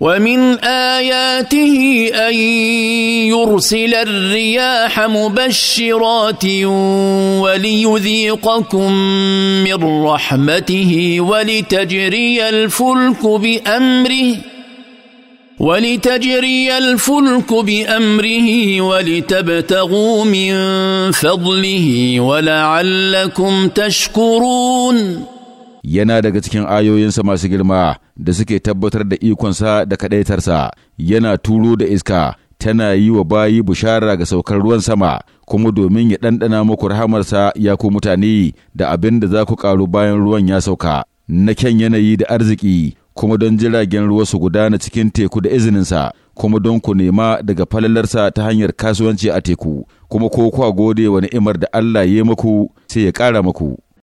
ومن اياته ان يرسل الرياح مبشرات وليذيقكم من رحمته ولتجري الفلك بامره ولتجري الفلك بامره ولتبتغوا من فضله ولعلكم تشكرون yana daga cikin ayoyinsa masu girma da suke tabbatar da ikonsa da kaɗaitarsa yana turo da iska tana yi wa bayi bushara ga saukar ruwan sama kuma domin ya ɗanɗana muku rahamarsa ya ku mutane da abin da za ku ƙaru bayan ruwan ya sauka na kyan yanayi da arziki kuma don jiragen ruwa su gudana cikin teku da izininsa kuma don ku nema daga falalarsa ta hanyar kasuwanci a teku kuma ko kwa gode wa ni'imar da Allah ya muku sai ya ƙara muku